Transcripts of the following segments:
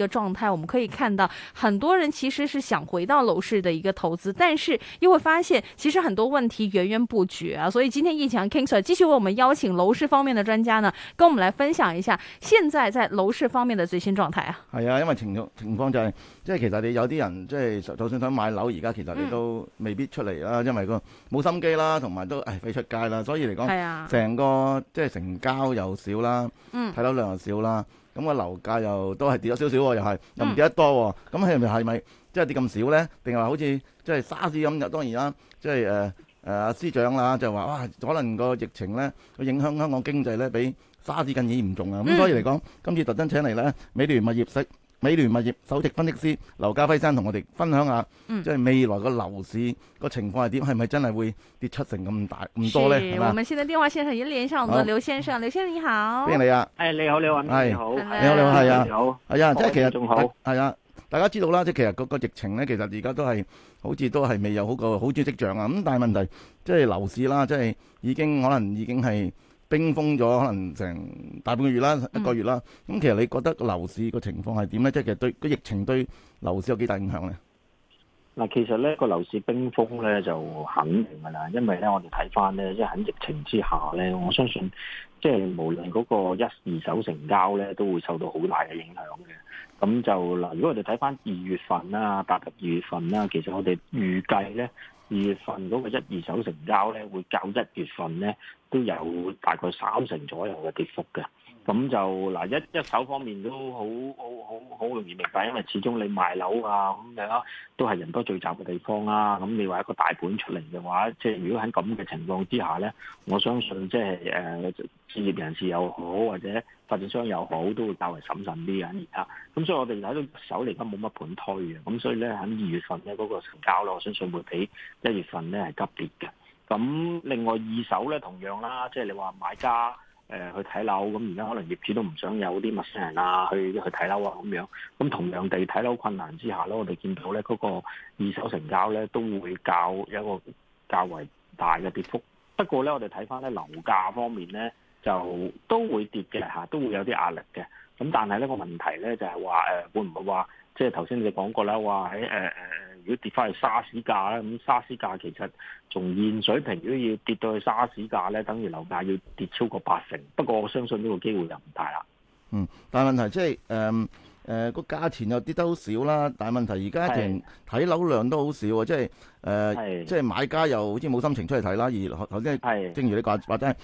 一個狀態，我們可以看到很多人其實是想回到樓市的一個投資，但是又會發現其實很多問題源源不絕啊。所以今天易強 King Sir 繼續為我們邀請樓市方面的專家呢，跟我們來分享一下現在在樓市方面的最新狀態啊。係啊、嗯，嗯、因為情情況就係，即係其實你有啲人即係就算想買樓，而家其實你都未必出嚟啦，因為個冇心機啦，同埋都誒、哎、飛出街啦。所以嚟講，係啊、哎呀，成個即係成交又少啦，嗯，睇樓量又少啦。咁嘅、嗯、樓價又都係跌咗少少喎，又係又唔跌得多喎、哦。咁係咪係咪即係跌咁少咧？定係話好似即係沙士咁？當然啦，即係誒誒司長啦，就話哇，可能個疫情咧，影響香港經濟咧，比沙士更嚴重啊！咁、嗯、所以嚟講，今次特登請嚟咧，美聯物業息。美聯物業首席分析師劉嘉輝先生同我哋分享下，即係未來個樓市個情況係點，係咪真係會跌七成咁大咁多咧？係嘛？我們現在電話線上已經連上我們的劉先生，劉先生你好。歡迎你啊。誒，你好你好，你好，你好你好係啊，即係其實仲好係啊。大家知道啦，即係其實個個疫情咧，其實而家都係好似都係未有好個好轉跡象啊。咁但係問題，即係樓市啦，即係已經可能已經係。冰封咗可能成大半個月啦，嗯、一個月啦。咁其實你覺得個樓市個情況係點咧？即係其實對個疫情對樓市有幾大影響咧？嗱，其實咧個樓市冰封咧就肯定噶啦，因為咧我哋睇翻咧，即係喺疫情之下咧，我相信即係無論嗰個一二手成交咧，都會受到好大嘅影響嘅。咁就嗱，如果我哋睇翻二月份啦，八月二月份啦，其實我哋預計咧，二月份嗰個一二手成交咧會較一月份咧，都有大概三成左右嘅跌幅嘅，咁就嗱，一一手方面都好好好好容易明白，因為始終你賣樓啊咁樣都係人多聚集嘅地方啊，咁你話一個大盤出嚟嘅話，即係如果喺咁嘅情況之下咧，我相信即係誒專業人士又好或者發展商又好，都會較為審慎啲喺而家。咁所以我哋而家一手嚟緊冇乜盤推嘅，咁所以咧喺二月份咧嗰個成交咧，我相信會比一月份咧係急跌嘅。咁另外二手咧，同樣啦，即係你話買家誒、呃、去睇樓，咁而家可能業主都唔想有啲陌生人啊去去睇樓啊咁樣。咁同樣地睇樓困難之下咧，我哋見到咧嗰、那個二手成交咧都會較有一個較為大嘅跌幅。不過咧，我哋睇翻咧樓價方面咧，就都會跌嘅吓，都會有啲壓力嘅。咁但係呢、那個問題咧就係話誒，會唔會即話即係頭先你講過啦，話喺誒誒。欸呃如果跌翻去沙士價咧，咁沙士價其實從現水平如果要跌到去沙士價咧，等於樓價要跌超過八成。不過我相信呢個機會、嗯、就唔大啦。嗯，但問題即係誒誒個價錢又跌得好少啦。但問題而家成睇樓量都好少啊，即係誒，呃、是即係買家又好似冇心情出嚟睇啦。而頭先正如你講，或者係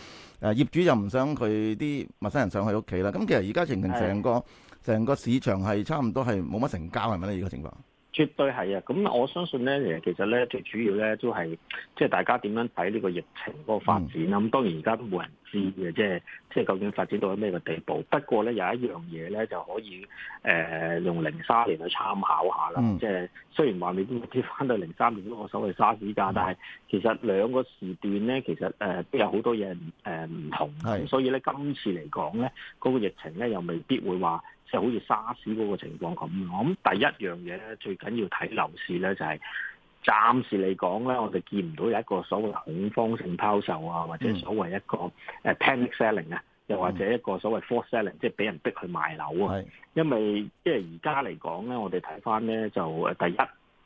誒業主又唔想佢啲陌生人上去屋企啦。咁其實而家情成個成是個市場係差唔多係冇乜成交係咪咧？而家情況？絕對係啊！咁我相信咧，誒，其實咧，最主要咧，都係即係大家點樣睇呢個疫情嗰個發展啦。咁、嗯、當然而家都冇人知嘅，即係即係究竟發展到咗咩個地步。不過咧，有一樣嘢咧，就可以誒、呃、用零三年去參考下啦。即係、嗯、雖然話你都跌返到零三年嗰個所謂沙士價，但係其實兩個時段咧，其實誒都、呃、有好多嘢誒唔同。是所以咧，今次嚟講咧，嗰、那個疫情咧，又未必會話。即係好似沙士嗰個情況咁，我諗第一樣嘢咧，最緊要睇樓市咧就係、是、暫時嚟講咧，我哋見唔到有一個所謂恐慌性拋售啊，或者所謂一個誒 panic selling 啊，又、嗯呃、或者一個所謂 forced selling，即係俾人逼去賣樓啊。嗯、因為即係而家嚟講咧，我哋睇翻咧就誒第一。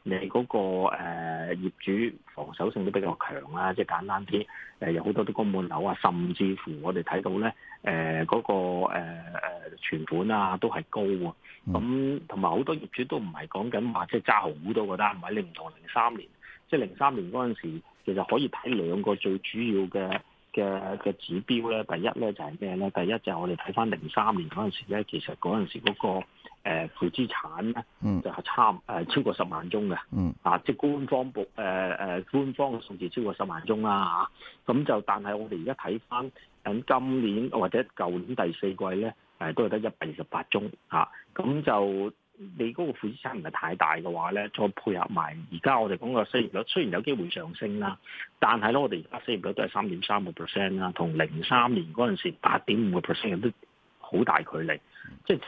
你嗰、那個誒、呃、業主防守性都比較強啊，即係簡單啲，誒、呃、有好多啲供滿樓啊，甚至乎我哋睇到咧，誒、呃、嗰、那個誒、呃、存款啊都係高啊。咁同埋好多業主都唔係講緊話，即係揸好多個單位，你唔同零三年，即係零三年嗰陣時，其實可以睇兩個最主要嘅。嘅嘅指標咧，第一咧就係咩咧？第一就係我哋睇翻零三年嗰陣時咧，其實嗰陣時嗰、那個誒負、呃、資產咧，就係差誒超過十萬宗嘅，嗯、啊，即官方報誒誒官方嘅數字超過十萬宗啦嚇。咁、啊、就但係我哋而家睇翻喺今年或者舊年第四季咧，誒、啊、都係得一百二十八宗嚇。咁、啊、就。你嗰個負資產唔係太大嘅話咧，再配合埋而家我哋講嘅失業率，雖然有機會上升啦，但係咧我哋而家失業率都係三點三個 percent 啦，同零三年嗰陣時八點五個 percent 都好大距離。即係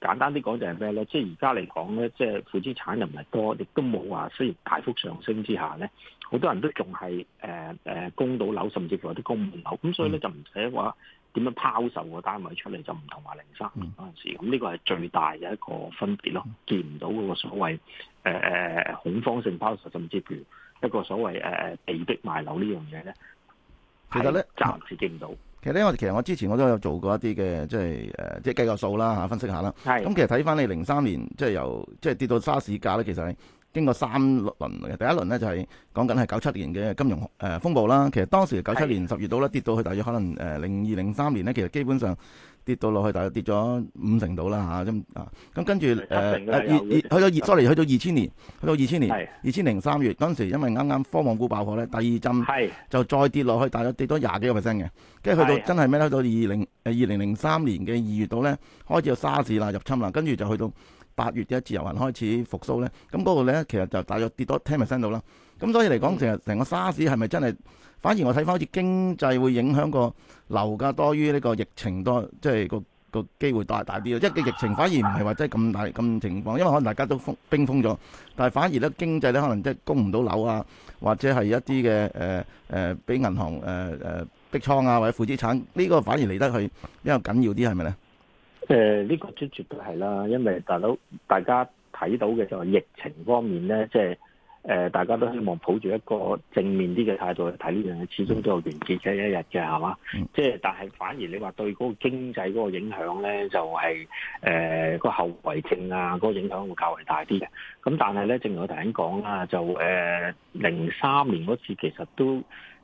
再簡單啲講就係咩咧？即係而家嚟講咧，即係負資產又唔係多，亦都冇話失業大幅上升之下咧，好多人都仲係誒誒供到樓，甚至乎有啲供唔到樓，咁所以咧就唔使話。點樣拋售個單位出嚟就唔同話零三年嗰陣時，咁呢個係最大嘅一個分別咯。嗯、見唔到嗰個所謂誒誒、呃、恐慌性拋售，甚至譬如一個所謂誒、呃、被逼賣樓呢樣嘢咧，其實咧暫時見唔到。其實咧，我其實我之前我都有做過一啲嘅，即係誒，即係計個數啦嚇、啊，分析下啦。咁的其實睇翻你零三年，即係由即係跌到沙士價咧，其實你。經過三輪嘅，第一輪呢就係講緊係九七年嘅金融誒風暴啦。其實當時九七年十月度咧跌到去，大約可能誒零二零三年呢，其實基本上跌到落去，大約跌咗五成度啦嚇。咁啊，咁跟住誒去到二 sorry 去到二千年，去到二千年二千零三月，當時因為啱啱科網股爆破咧，第二針就再跌落去，大約跌多廿幾個 percent 嘅。跟住去到真係咩去到二零誒二零零三年嘅二月度咧，開始有沙士啦入侵啦，跟住就去到八月嘅自由行開始復甦咧，咁、那、嗰個咧其實就大約跌多 ten percent 到啦。咁所以嚟講，成日成個沙士係咪真係反而我睇翻好似經濟會影響個樓價多於呢個疫情多，即係個個機會大大啲咯。即係個疫情反而唔係話真係咁大咁情況，因為可能大家都封冰封咗。但係反而咧經濟咧可能即係供唔到樓啊，或者係一啲嘅誒誒俾銀行誒誒逼倉啊或者負資產，呢、這個反而嚟得去比較緊要啲，係咪咧？誒呢、呃這個真絕對係啦，因為大佬大家睇到嘅就係疫情方面咧，即係誒大家都希望抱住一個正面啲嘅態度去睇呢樣嘢，始終都有完結嘅一日嘅，係嘛？即係、嗯就是、但係反而你話對嗰個經濟嗰個影響咧，就係、是、誒、呃那個後遺症啊，嗰個影響會較為大啲嘅。咁、嗯、但係咧，正如我頭先講啦，就誒零三年嗰次其實都。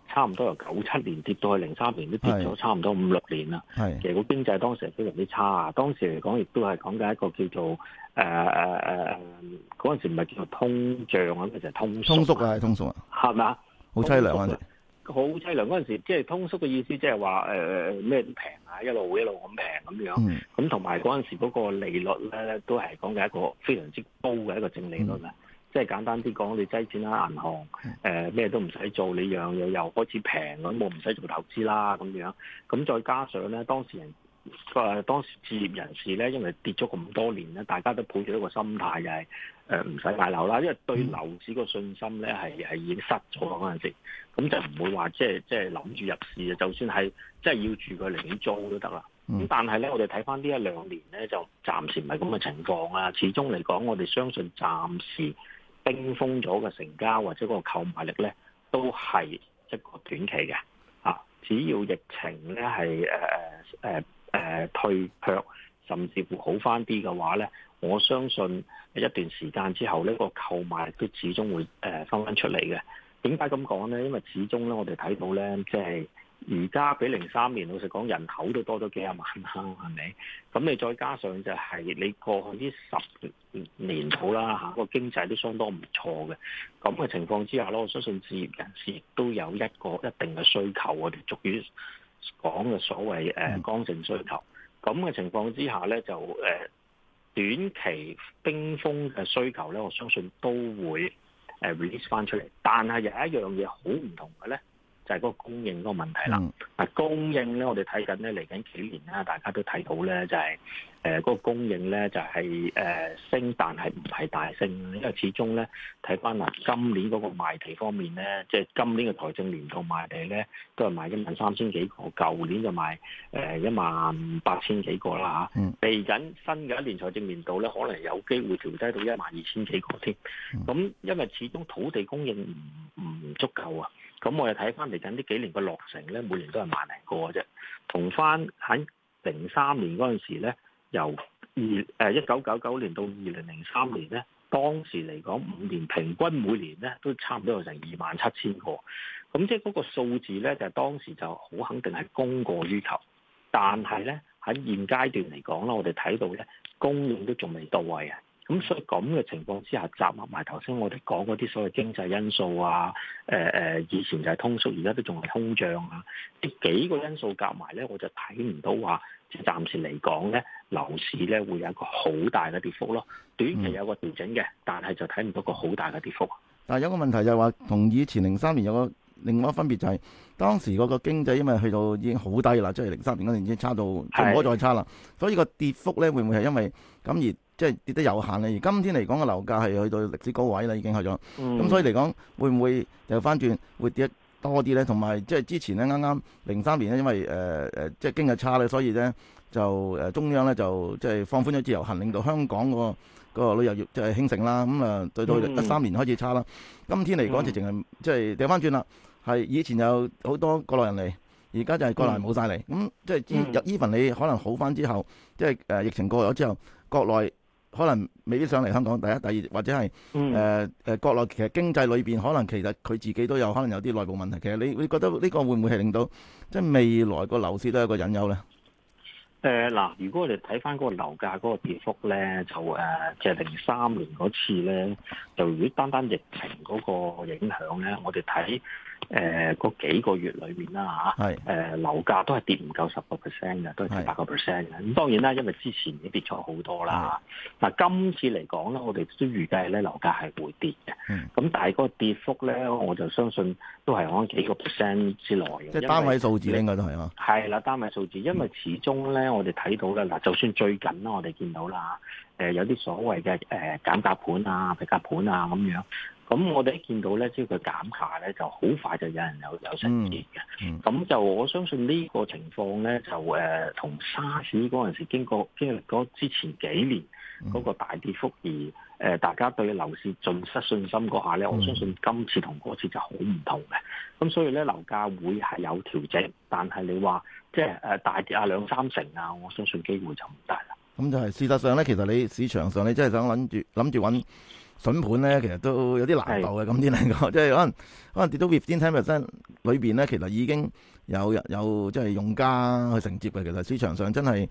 差唔多由九七年跌到去零三年，都跌咗差唔多五六年啦。係。其實個經濟當時係非常之差啊。當時嚟講亦都係講緊一個叫做誒誒誒誒、呃呃，嗰陣時唔係叫做通脹啊，其實、就係、通通縮啊，通縮啊。係咪？好凄涼嗰陣時，好凄涼嗰陣時，即係通縮嘅意思，即係話誒咩都平啊，一路一路咁平咁樣。咁同埋嗰陣時嗰個利率咧，都係講緊一個非常之高嘅一個正利率。嗯嗯即係簡單啲講，你擠錢啦、啊、銀行，誒、呃、咩都唔使做，你樣樣又開始平咁，我唔使做投資啦咁樣。咁再加上咧，當時人誒當時置業人士咧，因為跌咗咁多年咧，大家都抱住一個心態就係誒唔使買樓啦，因為對樓市個信心咧係係已經失咗嗰陣時，咁就唔會話即係即係諗住入市啊。就算係即係要住，佢寧願租都得啦。咁但係咧，我哋睇返呢一兩年咧，就暫時唔係咁嘅情況啊。始終嚟講，我哋相信暫時。冰封咗嘅成交或者嗰個購買力咧，都係一個短期嘅嚇、啊。只要疫情咧係誒誒誒誒退卻，甚至乎好翻啲嘅話咧，我相信一段時間之後呢，呢、呢個購買力都始終會誒翻翻出嚟嘅。點解咁講咧？因為始終咧，我哋睇到咧，即係。而家比零三年，老實講人口都多咗幾廿萬啦，係咪？咁你再加上就係你過去呢十年度啦，吓個經濟都相當唔錯嘅。咁嘅情況之下，咯我相信置業人士亦都有一個一定嘅需求，我哋俗語講嘅所謂誒剛性需求。咁嘅情況之下咧，就誒、呃、短期冰封嘅需求咧，我相信都會誒 release 翻出嚟。但係有一樣嘢好唔同嘅咧。就係嗰個供應嗰個問題啦。啊、嗯，供應咧，我哋睇緊咧嚟緊幾年啦，大家都睇到咧，就係誒嗰個供應咧，就係誒升，但係唔係大升。因為始終咧，睇翻嗱，今年嗰個賣地方面咧，即係今年嘅財政年度賣地咧，都係賣一萬三千幾個，舊年就賣誒一萬八千幾個啦嚇。嚟緊、嗯、新嘅一年財政年度咧，可能有機會調低到一萬二千幾個添。咁、嗯嗯、因為始終土地供應唔唔足夠啊。咁我又睇翻嚟緊呢幾年個落成咧，每年都係萬零個啫。同翻喺零三年嗰陣時咧，由二誒一九九九年到二零零三年咧，當時嚟講五年平均每年咧都差唔多有成二萬七千個。咁即係嗰個數字咧，就係、當時就好肯定係供過於求。但係咧，喺現階段嚟講啦，我哋睇到咧，供應都仲未到位啊。咁、嗯、所以咁嘅情況之下，集合埋頭先，我哋講嗰啲所謂經濟因素啊，誒、呃、誒，以前就係通縮，而家都仲係通脹啊，啲幾個因素夾埋咧，我就睇唔到話，即係暫時嚟講咧，樓市咧會有一個好大嘅跌幅咯。短期有個調整嘅，但係就睇唔到個好大嘅跌幅。嗯、但係有個問題就係話，同以前零三年有一個另外一個分別就係、是，當時嗰個經濟因為去到已經好低啦，即係零三年嗰陣已經差到即係唔可以再差啦。所以個跌幅咧會唔會係因為咁而……即係跌得有限咧，而今天嚟講嘅樓價係去到歷史高位啦，已經去咗。咁、嗯嗯、所以嚟講，會唔會掉翻轉，會跌得多啲咧？同埋即係之前咧，啱啱零三年咧，因為誒誒、呃、即係經濟差咧，所以咧就誒中央咧就即係放寬咗自由行，令到香港個個旅遊業即係興盛啦。咁、嗯、啊，對、嗯嗯嗯、到一三年開始差啦。今天嚟講就淨、是、係即係掉翻轉啦，係、嗯、以前有好多國內人嚟，而家就係國內冇晒嚟。咁、嗯嗯嗯、即係依份，你可能好翻之後，即係誒、呃、疫情過咗之後，國內。可能未必上嚟香港，第一、第二，或者係誒誒國內其實經濟裏邊可能其實佢自己都有可能有啲內部問題。其實你你覺得呢個會唔會係令到即係未來個樓市都有一個隱憂咧？誒嗱、呃呃，如果我哋睇翻嗰個樓價嗰個跌幅咧，就誒即係零三年嗰次咧，就如果單單疫情嗰個影響咧，我哋睇。誒個、呃、幾個月裏面啦嚇，誒、啊是呃、樓價都係跌唔夠十個 percent 嘅，都係跌七八個 percent 嘅。咁是當然啦，因為之前已經跌咗好多啦嗱，是今次嚟講咧，我哋都預計咧樓價係會跌嘅。咁是但係個跌幅咧，我就相信都係可能幾個 percent 之內嘅。即係單位數字應該都係咯。係啦，單位數字，因為始終咧，我哋睇到啦，嗱，就算最近啦，我哋見到啦。誒有啲所謂嘅誒、呃、減價盤啊、劈價盤啊咁樣，咁我哋一見到咧，只要佢減下咧，就好快就有人有有承接嘅。咁、嗯嗯、就我相信呢個情況咧，就誒同沙士嗰陣時經過經歷過經歷過之前幾年嗰個大跌幅而誒、呃、大家對樓市盡失信心嗰下咧，嗯、我相信今次同嗰次就好唔同嘅。咁所以咧樓價會係有調整，但係你話即係誒大跌啊兩三成啊，我相信機會就唔大啦。咁就係事實上咧，其實你市場上你真係想諗住諗住揾筍盤咧，其實都有啲難度嘅。咁先嚟講，即係可能可能跌到10%，睇埋真裏邊咧，其實已經有有即係用家去承接嘅。其實市場上真係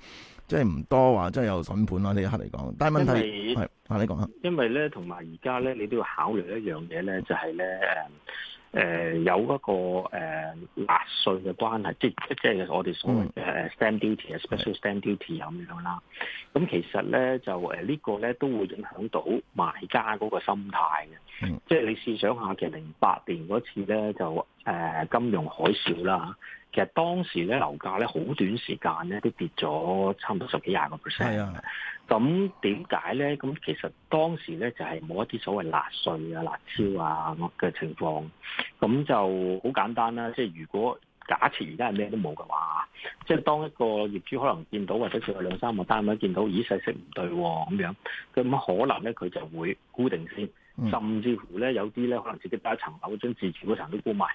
即係唔多話，即係有筍盤啦。呢一刻嚟講，但係問題係，阿為是你講下，因為咧，同埋而家咧，你都要考慮一樣嘢咧，就係咧誒。誒、呃、有一個誒納稅嘅關係，即即即係我哋所謂誒 Stamp Duty 啊、嗯、Special Stamp Duty 咁樣啦。咁其實咧就誒呢個咧都會影響到賣家嗰個心態嘅，即係你試想下其實零八年嗰次咧就誒、呃、金融海嘯啦。其實當時咧樓價咧好短時間咧都跌咗差唔多十幾廿個 percent 嘅。咁點解咧？咁、啊、其實當時咧就係、是、冇一啲所謂納稅啊、辣招啊嘅情況。咁就好簡單啦、啊。即係如果假設而家係咩都冇嘅話，即係當一個業主可能見到或者佢有兩三個單位見到，咦勢色唔對喎、啊、咁樣，咁可能咧佢就會沽定先，甚至乎咧有啲咧可能自己第一層樓將自住嗰層都沽埋。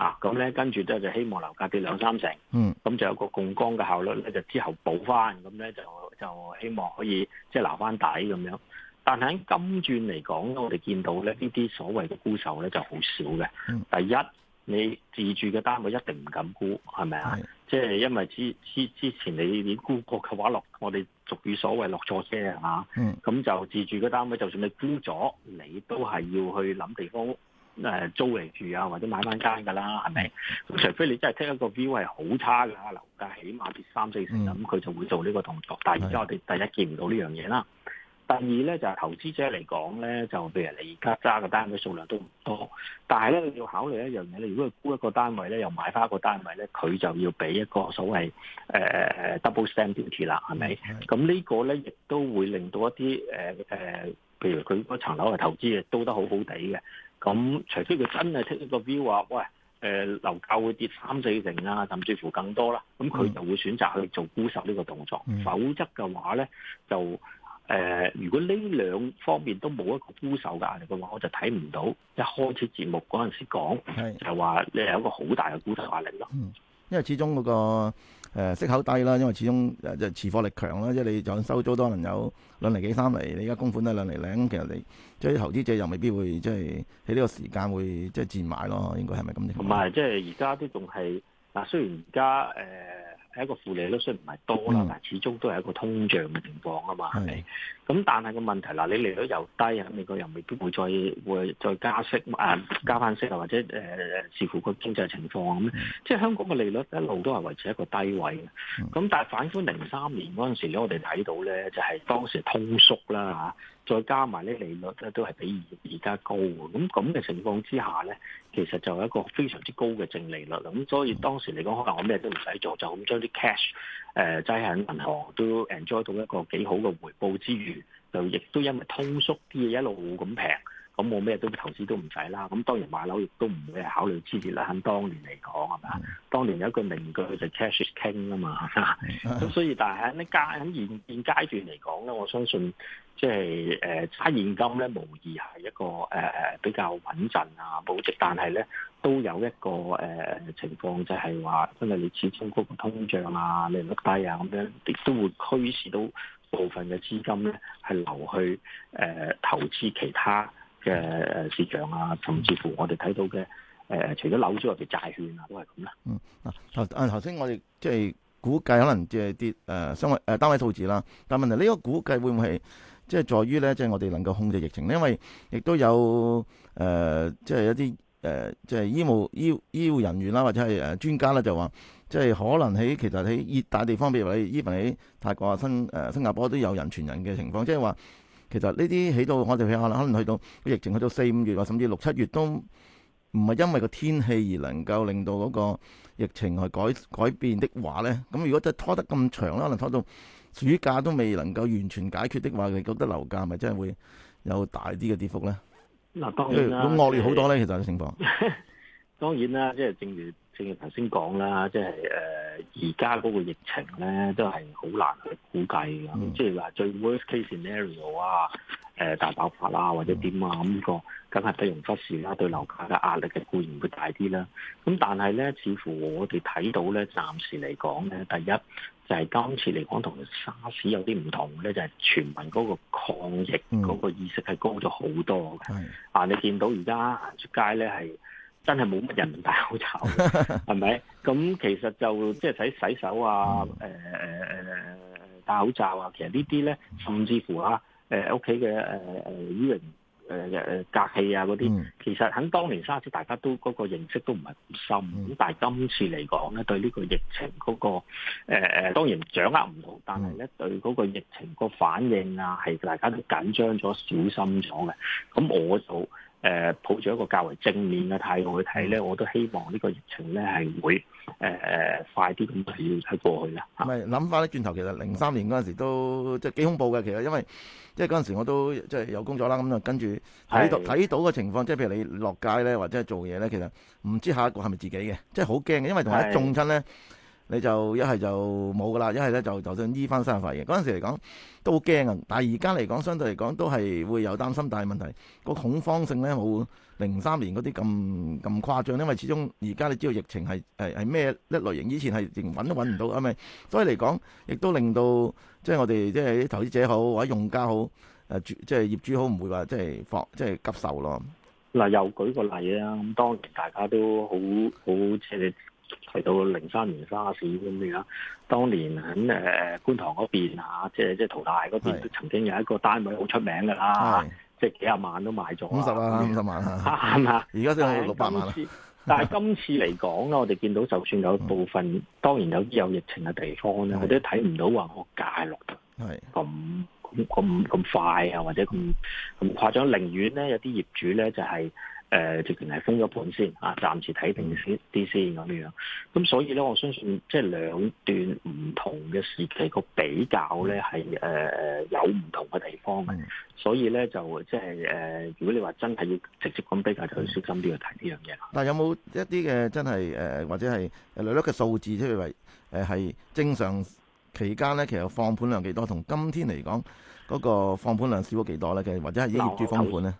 啊，咁咧跟住咧就希望樓價跌兩三成，嗯，咁就有個槓桿嘅效率咧，就之後補翻，咁咧就就希望可以即係、就是、留翻底咁樣。但喺今轉嚟講，我哋見到咧呢啲所謂嘅沽售咧就好少嘅。嗯、第一，你自住嘅單位一定唔敢沽，係咪啊？即係的因為之之之前你連沽過嘅話落，我哋俗語所謂落錯車啊嚇，咁、嗯、就自住嘅單位，就算你沽咗，你都係要去諗地方。誒租嚟住啊，或者買翻間㗎啦，係咪？咁除非你真係睇一個 view 係好差㗎，樓價起碼跌三四成，咁佢、嗯、就會做呢個動作。但係而家我哋第一是的 見唔到呢樣嘢啦。第二咧就係、是、投資者嚟講咧，就譬如你而家揸嘅單位數量都唔多，但係咧要考慮一樣嘢咧，你如果佢沽一個單位咧，又買翻一個單位咧，佢就要俾一個所謂誒、呃、double stamp duty 啦，係咪？咁呢個咧亦都會令到一啲誒誒，譬如佢嗰層樓係投資嘅，租得好好哋嘅。咁除非佢真係出一個 view 話，喂，誒、呃，樓價會跌三四成啊，甚至乎更多啦，咁佢就會選擇去做沽售呢個動作。嗯、否則嘅話咧，就誒、呃，如果呢兩方面都冇一個沽售嘅壓力嘅話，我就睇唔到一開始節目嗰陣時講，是就話你係一個好大嘅沽售壓力咯。嗯因為始終嗰、那個、呃、息口低啦，因為始終誒就持貨力強啦，即係你就算收租都可能有兩厘幾三厘，你而家供款都兩厘零，其實你即係投資者又未必會即係喺呢個時間會即係賤買咯，應該係咪咁先？同埋即係而家都仲係嗱，雖然而家誒。呃係一個負利率，雖然唔係多啦，嗯、但始終都係一個通脹嘅情況啊嘛。係是，咁但係個問題嗱，你利率又低，美國又未必會再會再加息啊，加翻息啊，或者誒誒、呃，視乎個經濟情況咁。嗯、即係香港嘅利率一路都係維持一個低位嘅。咁、嗯、但係反觀零三年嗰陣時咧，我哋睇到咧，就係、是、當時通縮啦嚇。啊。再加埋啲利率咧，都係比而家高嘅。咁咁嘅情況之下咧，其實就係一個非常之高嘅淨利率啦。咁所以當時嚟講，可能我咩都唔使做，就咁將啲 cash 誒擠喺銀行，都 enjoy 到一個幾好嘅回報之餘，就亦都因為通縮啲嘢一路咁平。咁冇咩都投資都唔使啦，咁當然買樓亦都唔會考慮資產啦。喺當年嚟講係咪啊？ 當年有一句名句佢就 cash is king 啊嘛。咁所以但係喺呢間喺現現階段嚟講咧，我相信即係誒差現金咧，無疑係一個誒誒、呃、比較穩陣啊保值。但係咧，都有一個誒、呃、情況就，就係話，因為你始終嗰個通脹啊、利率低啊咁樣，亦都會驅使到部分嘅資金咧係流去誒、呃、投資其他。嘅誒市場啊，甚至乎我哋睇到嘅誒、呃，除咗樓之外嘅債券啊，都係咁啦。嗯，頭頭先我哋即係估計，可能即係啲誒相關誒單位數字啦。但問題呢個估計會唔會係即係在於咧，即係我哋能夠控制疫情咧？因為亦都有誒，即係一啲誒，即係醫務醫醫護人員啦，或者係誒專家咧，就話即係可能喺其實喺熱帶地方，譬如話 even 喺泰國啊、新誒、呃、新加坡都有人傳人嘅情況，即係話。其實呢啲起到我哋去下啦，可能去到疫情去到四五月或甚至六七月都唔係因為個天氣而能夠令到嗰個疫情係改改變的話呢。咁如果真係拖得咁長啦，可能拖到暑假都未能夠完全解決的話，你覺得樓價咪真係會有大啲嘅跌幅呢？嗱，當然啦，咁惡劣好多呢？其實啲情況。當然啦，即係正如。正如頭先講啦，即係誒而家嗰個疫情咧，都係好難去估計嘅。嗯、即係話最 worst case scenario 啊，誒、呃、大爆發啦、啊，或者點啊咁、呢個，梗係不容忽視啦。對樓價嘅壓力嘅固然會大啲啦、啊。咁但係咧，似乎我哋睇到咧，暫時嚟講咧，第一就係、是、今次嚟講同沙士有啲唔同咧，就係、是、全民嗰個抗疫嗰個意識係高咗好多嘅。啊、嗯，你見到而家行出街咧係。真係冇乜人戴口罩，係咪？ 咁其實就即係睇洗手啊、誒誒誒戴口罩啊。其實呢啲咧，甚至乎啊，誒屋企嘅誒誒醫院誒誒隔氣啊嗰啲，其實喺當年沙士大家都嗰個認識都唔係咁深。咁、嗯、但係今次嚟講咧，對呢個疫情嗰個誒誒、呃，當然掌握唔到，但係咧對嗰個疫情個反應啊，係大家都緊張咗、小心咗嘅。咁我就，誒抱住一個較為正面嘅態度去睇咧，我都希望呢個疫情咧係會誒誒、呃、快啲咁要睇過去啦。唔係諗翻啲轉頭，其實零三年嗰陣時都即係幾恐怖嘅。其實因為即係嗰陣時我都即係有工作啦，咁啊跟住睇到睇是的 到嘅情況，即係譬如你落街咧，或者係做嘢咧，其實唔知下一個係咪自己嘅，即係好驚嘅。因為同埋一中親咧。是的 呢你就一係就冇噶啦，一係咧就就算醫翻生化型。嗰陣時嚟講都好驚啊，但係而家嚟講相對嚟講都係會有擔心，但係問題個恐慌性咧冇零三年嗰啲咁咁誇張，因為始終而家你知道疫情係係係咩一類型，以前係連揾都揾唔到係咪？所以嚟講亦都令到即係我哋即係啲投資者好或者用家好誒，即係業主好唔會話即係放即係急售咯。嗱又舉個例啦，咁當然大家都好好斜。提到零三年沙士咁樣，當年喺誒、呃、觀塘嗰邊、啊、即係即係淘大嗰邊都是曾經有一個單位好出名嘅啦，是即係幾十萬都買咗。五十啊，五十萬啊，係嘛？而家都先六百萬。但係今次嚟 講咧，我哋見到就算有部分，是當然有啲有疫情嘅地方咧，佢是都睇唔到話個價落咁咁咁咁快啊，或者咁咁誇張，寧願咧有啲業主咧就係、就。是誒，直情係封咗盤先，啊，暫時睇定先啲先咁樣。咁、啊、所以咧，我相信即係兩段唔同嘅時期個比較咧，係誒、呃、有唔同嘅地方嘅。嗯、所以咧，就即係誒、呃，如果你話真係要直接咁比較，就要小心啲去睇呢樣嘢。但係有冇一啲嘅真係誒、呃，或者係略略嘅數字，即係為誒係正常期間咧，其實放盤量幾多，同今天嚟講嗰、嗰個放盤量少咗幾多咧？嘅或者係已經業主封盤咧？呃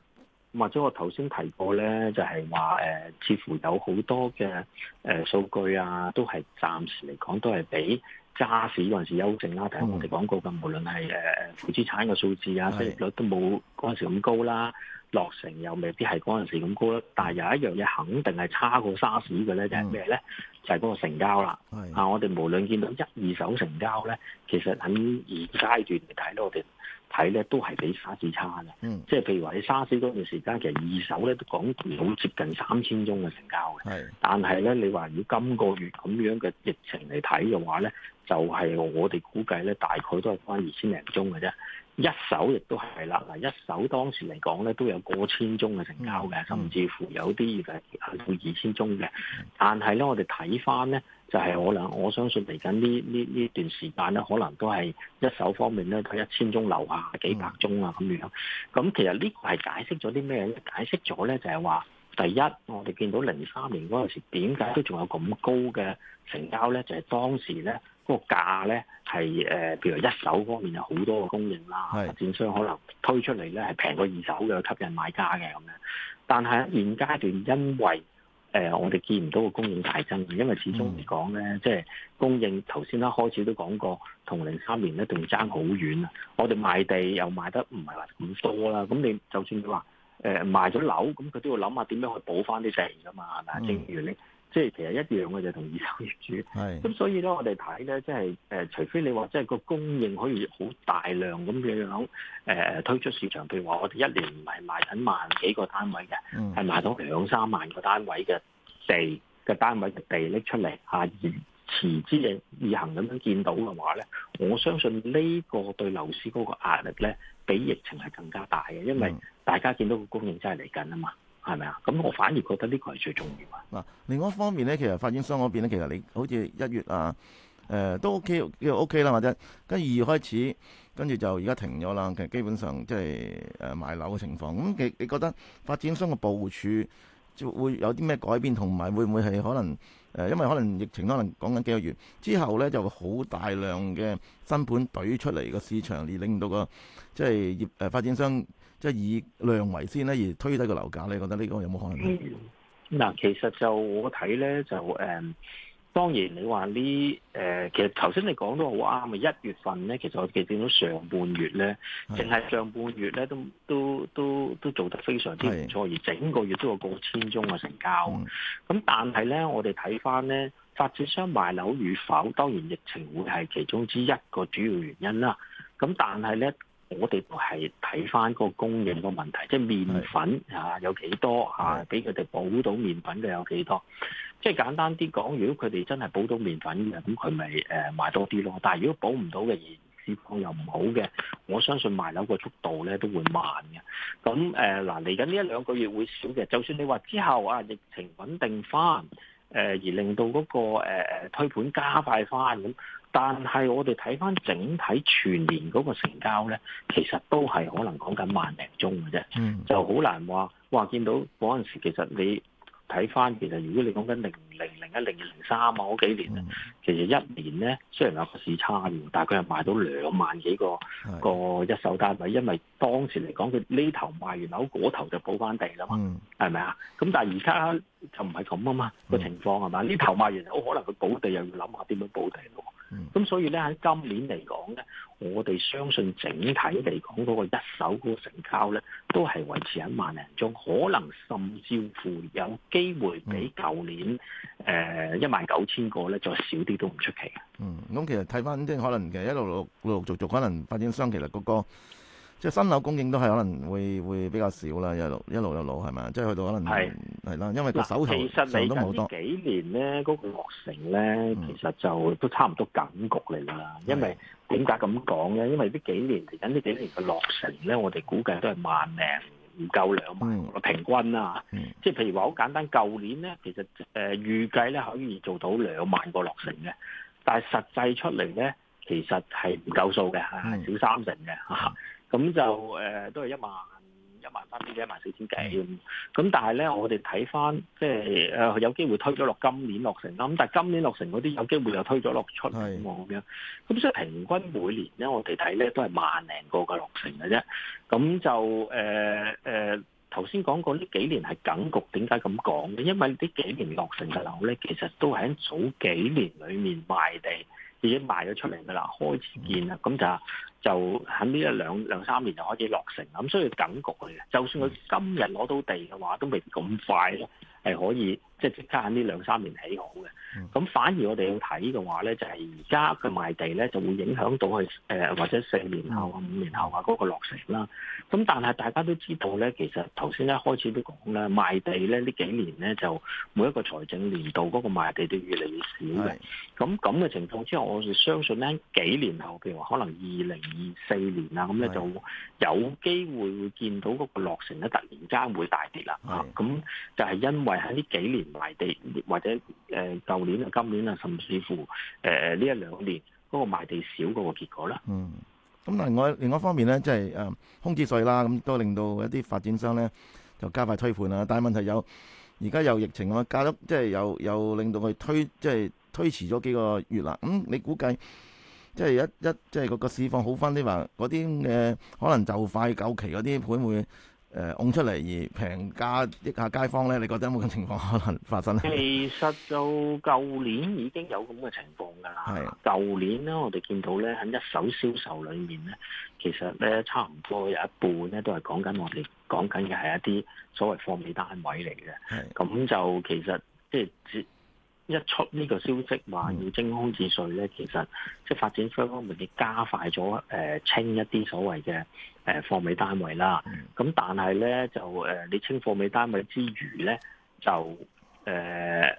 或者我頭先提過咧，就係話誒，似乎有好多嘅誒數據啊，都係暫時嚟講都係比沙士嗰陣時優勝啦、啊。但係我哋講過嘅，無論係誒負資產嘅數字啊，失業、嗯、率，率都冇嗰陣時咁高啦、啊。落成又未必係嗰陣時咁高啦、啊。但係有一樣嘢肯定係差過沙士嘅咧、嗯，就係咩咧？就係嗰個成交啦。嗯、啊，我哋無論見到一二手成交咧，其實喺而階段嚟睇到我哋。睇咧都係比沙士差嘅，嗯，即係譬如話喺沙士嗰段時間，其實二手咧都講好接近三千宗嘅成交嘅。是的 但係咧，你話要今個月咁樣嘅疫情嚟睇嘅話咧，就係、是、我哋估計咧，大概都係翻二千零宗嘅啫。一手亦都係啦，嗱一手當時嚟講咧都有過千宗嘅成交嘅，甚至乎有啲嘅係到二千宗嘅。但係咧，我哋睇翻咧，就係、是、可能我相信嚟緊呢呢呢段時間咧，可能都係一手方面咧，佢一千宗留下幾百宗啊咁樣。咁其實呢個係解釋咗啲咩？解釋咗咧就係話。第一，我哋見到零三年嗰陣時，點解都仲有咁高嘅成交呢？就係、是、當時呢嗰、那個價咧係譬如一手方面有好多個供應啦，發展是商可能推出嚟呢係平過二手嘅，吸引買家嘅咁樣。但係現階段因為誒、呃，我哋見唔到個供應大增，因為始終嚟講呢，即係、嗯、供應頭先一開始都講過，同零三年咧仲爭好遠啊！我哋賣地又賣得唔係話咁多啦，咁你就算你話。誒，賣咗樓咁，佢都要諗下點樣去補翻啲地噶嘛？嗱、嗯，正如你，即係其實一樣嘅就同、是、二手業主。係咁是，所以咧，我哋睇咧，即係誒，除非你話即係個供應可以好大量咁樣誒、呃、推出市場，譬如話我哋一年唔係賣緊萬幾個單位嘅，係、嗯、賣到兩三萬個單位嘅地嘅單位嘅地拎出嚟啊，持持之以以恆咁樣見到嘅話咧，我相信呢個對樓市嗰個壓力咧，比疫情係更加大嘅，因為大家見到個供應真係嚟緊啊嘛，係咪啊？咁我反而覺得呢個係最重要啊！嗱，另外一方面咧，其實發展商嗰邊咧，其實你好似一月啊，誒、呃、都 O K 叫 O K 啦，或者跟住二月開始，跟住就而家停咗啦。其實基本上即係誒賣樓嘅情況。咁你你覺得發展商嘅部署，會有啲咩改變，同埋會唔會係可能誒、呃，因為可能疫情可能講緊幾個月之後呢，就好大量嘅新盤推出嚟個市場而個，而令到個即係業誒、呃、發展商即係以量為先呢，而推低個樓價，你覺得呢個有冇可能？嗱、嗯，其實就我睇呢，就誒。嗯當然你，你話呢？誒，其實頭先你講都好啱嘅。一月份咧，其實我哋見到上半月咧，淨係是的 上半月咧都都都都做得非常之唔錯，是的 而整個月都有過千宗嘅成交。咁是的、嗯、但係咧，我哋睇翻咧，發展商賣樓與否當然疫情會係其中之一個主要原因啦。咁但係咧，我哋都係睇翻個供應個問題，即係麵粉是的 啊，有幾多啊，俾佢哋補到麵粉嘅有幾多？即係簡單啲講，如果佢哋真係補到麵粉嘅，咁佢咪誒賣多啲咯。但係如果補唔到嘅，而市況又唔好嘅，我相信賣樓個速度咧都會慢嘅。咁誒嗱，嚟緊呢一兩個月會少嘅。就算你話之後啊，疫情穩定翻，誒、呃、而令到嗰、嗰個誒、呃、推盤加快翻，咁但係我哋睇翻整體全年嗰個成交咧，其實都係可能講緊萬零宗嘅啫。嗯，就好難話哇！見到嗰陣時，其實你。睇翻其實，如果你講緊零零零一零二零三啊，嗰幾年啊，其實一年咧，雖然有樓市差，但係佢係賣到兩萬幾個是個一手單位，因為當時嚟講，佢呢頭賣完樓，嗰頭就補翻地啦嘛，係咪啊？咁但係而家就唔係咁啊嘛，嗯、個情況係嘛？呢頭賣完樓，可能佢補地又要諗下點樣補地。咁、嗯、所以咧喺今年嚟講咧，我哋相信整體嚟講嗰個一手嗰個成交咧，都係維持喺萬零宗，可能甚至乎有機會比舊年誒、呃、一萬九千個咧再少啲都唔出奇嘅、嗯。嗯，咁其實睇翻即係可能其實一路陸陸續續可能發展商其實嗰、那個。即係新樓供應都係可能會會比較少啦，一路一路一路係咪？即係去到可能係係啦，因為個手頭手都冇多。其實你講呢幾年咧，嗰個落成咧，其實就都差唔多緊局嚟啦。因為點解咁講咧？因為呢幾年嚟緊呢幾年嘅落成咧，我哋估計都係萬零唔夠兩萬個平均啦。即係譬如話好簡單，舊年咧其實誒預計咧可以做到兩萬個落成嘅，但係實際出嚟咧其實係唔夠數嘅，係少三成嘅嚇。咁就誒都係一萬一萬三千幾，一萬四千幾咁。咁但係咧，我哋睇翻即係誒有機會推咗落今年落成啦。咁但係今年落成嗰啲有機會又推咗落出嚟咁樣。咁所以平均每年咧，我哋睇咧都係萬零個嘅落成嘅啫。咁就誒誒頭先講過呢幾年係緊局，點解咁講嘅？因為呢幾年落成嘅樓咧，其實都係喺早幾年裡面賣地。已經賣咗出嚟嘅啦，開始建啦，咁就就喺呢一兩兩三年就開始落成，咁所以緊局嚟嘅。就算佢今日攞到地嘅話，都未咁快咧，係可以。即係即刻喺呢兩三年起好嘅，咁反而我哋要睇嘅話咧，就係而家嘅賣地咧，就會影響到佢，誒、呃、或者四年後啊、五年後啊嗰個落成啦。咁但係大家都知道咧，其實頭先一開始都講啦，賣地咧呢幾年咧就每一個財政年度嗰個賣地都越嚟越少嘅。咁咁嘅情況之下，我哋相信咧幾年後，譬如話可能二零二四年啊，咁咧就有機會會見到嗰個落成咧突然間會大跌啦。咁是就係因為喺呢幾年。賣地或者誒舊、呃、年啊、今年啊，甚至乎誒呢、呃、一兩年嗰、那個賣地少嗰個結果啦。嗯，咁另外另外一方面咧，即係誒空置稅啦，咁都令到一啲發展商咧就加快推盤啦。但係問題有而家有疫情啊，加咗即係又又令到佢推即係推遲咗幾個月啦。咁、嗯、你估計即係一一即係個個市況好翻，啲話嗰啲嘅可能就快舊期嗰啲盤會？誒掱、呃、出嚟而平價益下街坊咧，你覺得有冇咁情況可能發生咧？其實就舊年已經有咁嘅情況㗎啦。係啊，舊年咧，我哋見到咧喺一手銷售裏面咧，其實咧差唔多有一半咧都係講緊我哋講緊嘅係一啲所謂貨尾單位嚟嘅。係，咁就其實即係一出呢個消息話要徵空置稅咧，嗯、其實即係發展商方面亦加快咗誒、呃、清一啲所謂嘅。誒貨尾單位啦，咁但係咧就誒你清貨尾單位之餘咧，就誒、呃、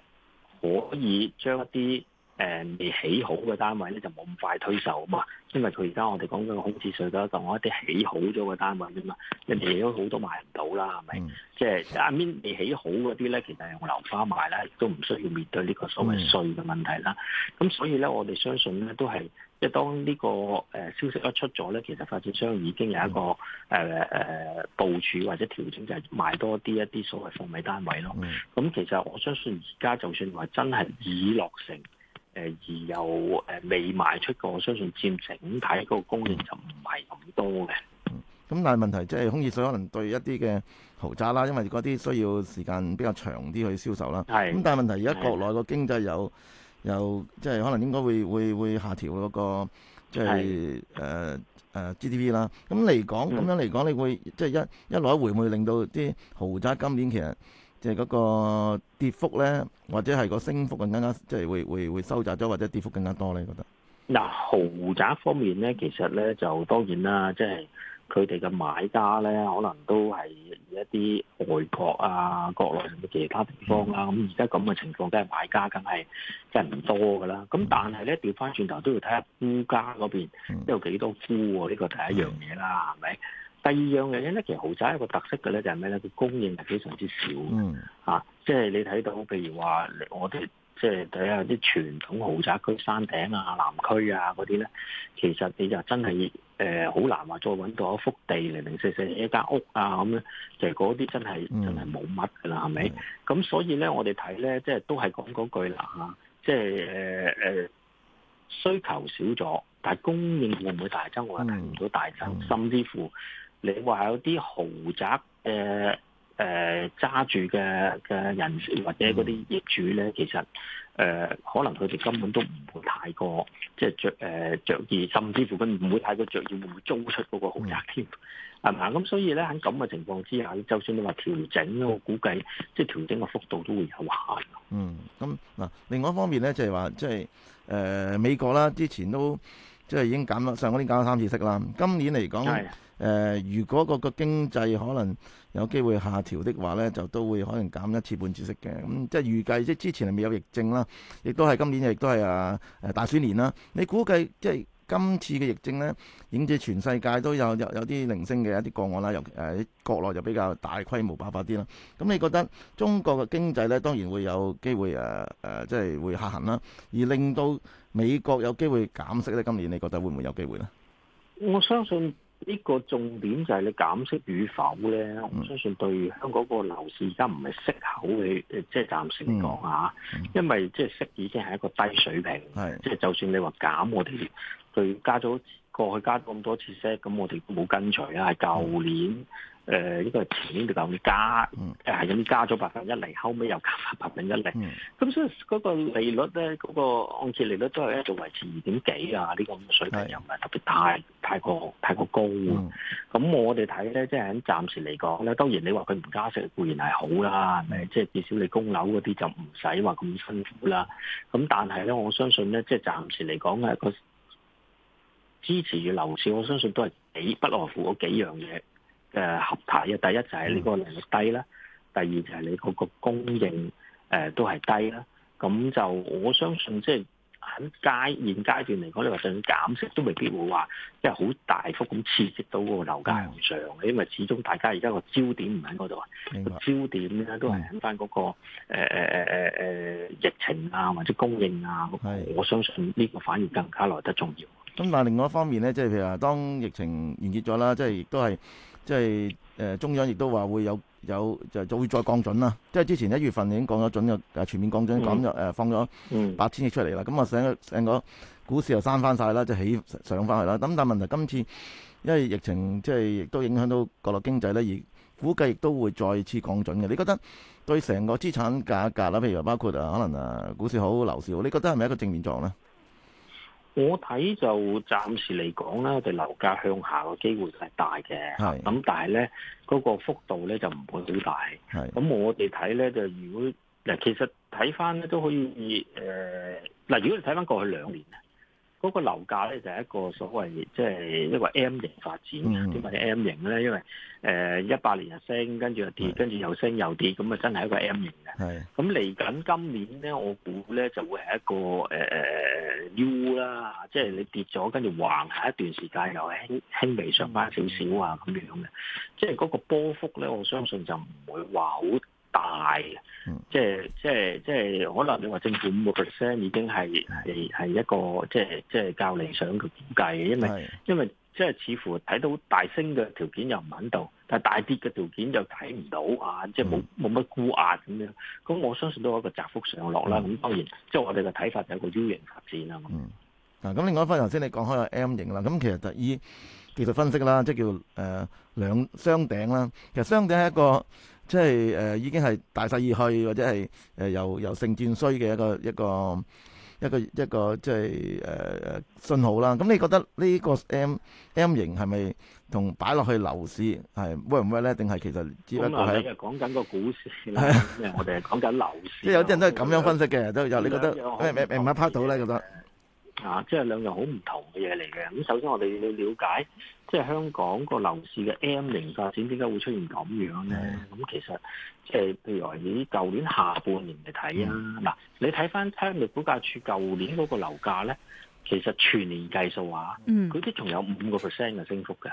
可以將一啲。誒未、嗯、起好嘅單位咧就冇咁快推售啊嘛，因為佢而家我哋講緊個空置稅啦，就我一啲起好咗嘅單位啫嘛，人哋都好多賣唔到啦，係咪、嗯？即係啱啱未起好嗰啲咧，其實用樓花賣啦，亦都唔需要面對呢個所謂稅嘅問題啦。咁、嗯、所以咧，我哋相信咧都係即係當呢、這個誒、呃、消息一出咗咧，其實發展商已經有一個誒誒、嗯呃、部署或者調整，就係賣多啲一啲所謂貨尾單位咯。咁、嗯、其實我相信而家就算話真係已落成。誒而又誒未賣出過，我相信佔整體嗰個供應就唔係咁多嘅。咁、嗯、但係問題即係空置稅可能對一啲嘅豪宅啦，因為嗰啲需要時間比較長啲去銷售啦。係是。咁但係問題而家國內個經濟有的有即係、就是、可能應該會會會下調嗰、那個即係誒誒 GDP 啦。咁嚟講，咁樣嚟講，你會即係、就是、一一來會唔會令到啲豪宅今年其實？即係嗰個跌幅咧，或者係個升幅更加即係會會會收窄咗，或者跌幅更加多咧？你覺得嗱豪宅方面咧，其實咧就當然啦，即係佢哋嘅買家咧，可能都係一啲外國啊、國內或者其他地方啊。咁而家咁嘅情況，梗係買家梗係真係唔多噶啦。咁、嗯、但係咧，調翻轉頭都要睇下估價嗰邊、嗯、有幾多夫喎、啊？呢、呢個第一樣嘢啦、啊，係咪、嗯？第二樣嘅嘢咧，其實豪宅一個特色嘅咧就係咩咧？佢供應係非常之少，嗯啊，即係你睇到譬如話，我哋即係睇下啲傳統豪宅區、山頂啊、南區啊嗰啲咧，其實你就真係誒好難話再揾到一幅地零零碎碎，一間屋啊咁樣，其實嗰啲真係、嗯、真係冇乜噶啦，係咪？咁所以咧，我哋睇咧，即係都係講嗰句啦嚇、啊，即係誒誒需求少咗，但係供應會唔會大增？我係睇唔到大增，甚至乎。 你話有啲豪宅嘅誒揸住嘅嘅人士，或者嗰啲業主咧，其實誒、呃、可能佢哋根本都唔會太過即係著誒著意，甚至乎佢唔會太過着意會唔會租出嗰個豪宅添，係咪啊？咁所以咧喺咁嘅情況之下，就算你話調整，我估計即係調整嘅幅度都會有限。嗯，咁嗱，另外一方面咧，就係話即係誒美國啦，之前都即係、就是、已經減啦，上年減咗三次息啦，今年嚟講。係。誒、呃，如果個個經濟可能有機會下調的話咧，就都會可能減一次半次息嘅。咁、嗯、即係預計，即之前係未有疫症啦，亦都係今年亦都係啊誒大選年啦。你估計即係今次嘅疫症咧，影至全世界都有有啲零星嘅一啲個案啦。尤其誒國內就比較大規模爆發啲啦。咁、嗯嗯、你覺得中國嘅經濟咧，當然會有機會誒誒、啊呃，即係會下行啦，而令到美國有機會減息咧。今年你覺得會唔會有機會咧？我相信。呢個重點就係你減息與否咧，我相信對香港個樓市而家唔係息口嘅，即係暫時嚟講下，因為即係息已經係一個低水平，係即係就算你話減，我哋對加咗過去加咁多次息，咁我哋都冇跟隨啊，係舊年。誒、呃，應該前面佢就加，誒咁、嗯呃、加咗百分一釐，後尾又加翻百分一釐。咁、嗯、所以嗰個利率咧，嗰、那個按揭利率都係一直維持二點幾啊，呢、這個水平又唔係特別太是太過太過高。咁、嗯、我哋睇咧，即係喺暫時嚟講咧，當然你話佢唔加息固然係好啦，誒是，即係至少你供樓嗰啲就唔使話咁辛苦啦。咁但係咧，我相信咧，即、就、係、是、暫時嚟講咧，那個支持住樓市，我相信都係幾不外乎嗰幾樣嘢。嘅合體嘅，第一就係呢個利率低啦，第二就係你嗰個供應誒都係低啦。咁就我相信，即係喺階現階段嚟講，你話就算減息都未必會話即係好大幅咁刺激到嗰個樓價向上，因為始終大家而家個焦點唔喺嗰度啊。白焦點咧都係喺翻嗰個誒誒誒誒疫情啊，或者供應啊。是我相信呢個反而更加來得重要。咁但係另外一方面咧，即係譬如話，當疫情完結咗啦，即係亦都係。即係誒、呃、中央亦都話會有有就會再降準啦，即係之前一月份已經降咗準了，又誒全面降準，咁就誒放咗八千億出嚟啦，咁啊成成個股市又翻翻晒啦，即係起上翻去啦。咁但係問題今次因為疫情，即係亦都影響到國內經濟咧，而估計亦都會再次降準嘅。你覺得對成個資產價格啦，譬如包括啊可能啊股市好、樓市，你覺得係咪一個正面狀況咧？我睇就暫時嚟講咧，我哋樓價向下嘅機會係大嘅，咁是但係咧，嗰個幅度咧就唔會好大。咁是我哋睇咧就如果嗱，其實睇翻咧都可以誒，嗱、呃、如果你睇翻過去兩年嗰個樓價咧就係、是、一個所謂即係、就是、一個 M 型發展，點解、嗯、M 型咧？因為誒一八年就升，跟住又跌，是跟住又升又跌，咁啊真係一個 M 型嘅。咁嚟緊今年咧，我估咧就會係一個誒、呃、U 啦，即係你跌咗，跟住橫下一段時間又輕輕微上返少少啊咁樣嘅，即係嗰個波幅咧，我相信就唔會話好大、嗯，即係即係即係，可能你話政府五個 percent 已經係係係一個即係即係較理想嘅估計，因為是因為即係似乎睇到大升嘅條件又唔肯度，但係大跌嘅條件又睇唔到啊！即係冇冇乜估壓咁樣，咁我相信都係一個窄幅上落啦。咁、嗯、當然，即係我哋嘅睇法就係一個 U 型發展啦。嗱、嗯，咁另外一份頭先你講開個 M 型啦，咁其實特以技術分析啦，即、就、係、是、叫誒兩雙頂啦。其實雙頂係一個。即係誒、呃，已經係大勢而去，或者係誒、呃、由由盛轉衰嘅一個一個一個一個即係誒誒信號啦。咁、嗯、你覺得呢個 M M 型係咪同擺落去樓市係會唔會咧？定係其實只不過係咁講緊個，個股市，啊、我哋係講緊樓市。即係有啲人都咁樣分析嘅，都有你覺得明唔明啊 Patrick 咧，咁樣啊？即係兩樣好唔同嘅嘢嚟嘅。咁首先我哋要了解。即係香港個樓市嘅 M 零發展點解會出現咁樣咧？咁、mm. 其實即係譬如話，你舊年下半年嚟睇啊，嗱，你睇翻香力估價處舊年嗰個樓價咧，其實全年計數啊，嗯、mm.，啲仲有五個 percent 嘅升幅嘅，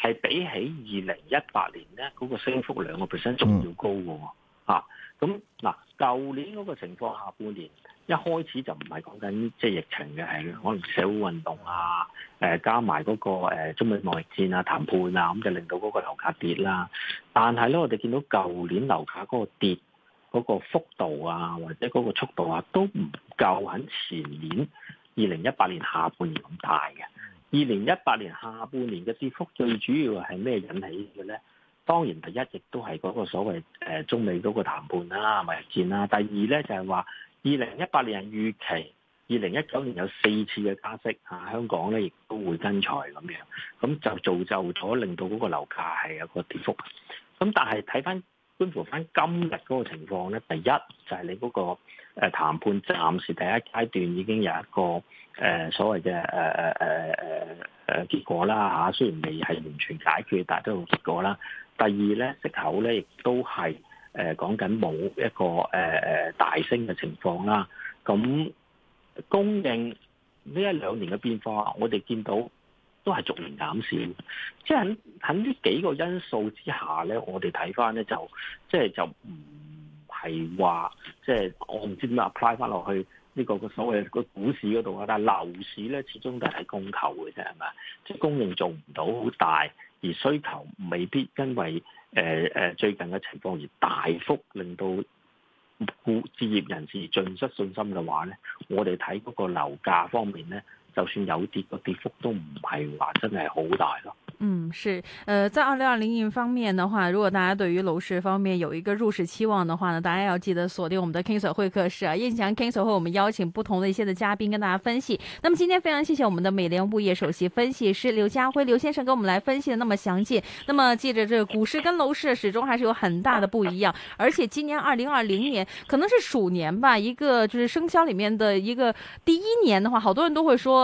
係比起二零一八年咧嗰、嗰個升幅兩個 percent 仲要高嘅喎，咁嗱、mm. 啊，舊年嗰個情況下半年。一開始就唔係講緊即係疫情嘅，係可能社會運動啊，誒加埋嗰個中美貿易戰啊、談判啊，咁就令到嗰個樓價跌啦。但係咧，我哋見到舊年樓價嗰個跌嗰個幅度啊，或者嗰個速度啊，都唔夠喺前年二零一八年下半年咁大嘅。二零一八年下半年嘅跌幅最主要係咩引起嘅咧？當然第一亦都係嗰個所謂誒中美嗰個談判啦、啊、貿易戰啦、啊。第二咧就係、是、話。二零一八年預期二零一九年有四次嘅加息，嚇、啊、香港咧亦都會跟隨咁樣，咁就造就咗令到嗰個樓價係一、嗰個跌幅。咁但係睇翻觀乎翻今日嗰個情況咧，第一就係、是、你嗰個誒談判、就是、暫時第一階段已經有一個誒、呃、所謂嘅誒誒誒誒誒結果啦吓，雖然未係完全解決，但係都有結果啦。第二咧息口咧亦都係。誒講緊冇一個誒誒大升嘅情況啦，咁供應呢一兩年嘅變化，我哋見到都係逐年減少，即係喺喺呢幾個因素之下咧，我哋睇翻咧就即係就唔係話即係我唔知點樣 apply 翻落去呢個、呢個所謂個股市嗰度啊，但係樓市咧始終都係供求嘅啫，係咪即係供應做唔到好大？而需求未必因為誒誒、呃呃、最近嘅情況而大幅令到顧置業人士而盡失信心嘅話咧，我哋睇嗰個樓價方面咧。就算有跌，個跌幅都唔係話真係好大咯。嗯，是，呃，在二零二零年方面的話，如果大家對於樓市方面有一個入市期望的話呢，大家要記得鎖定我們的 KingSir 會客室啊。葉強 KingSir 會我們邀請不同的一些的嘉賓跟大家分析。那麼今天非常謝謝我們的美聯物業首席分析師劉嘉輝劉先生跟我們來分析的那麼詳盡。那麼借着這個股市跟樓市始終還是有很大的不一樣，而且今年二零二零年可能是鼠年吧，一個就是生肖裏面的一個第一年的話，好多人都會說。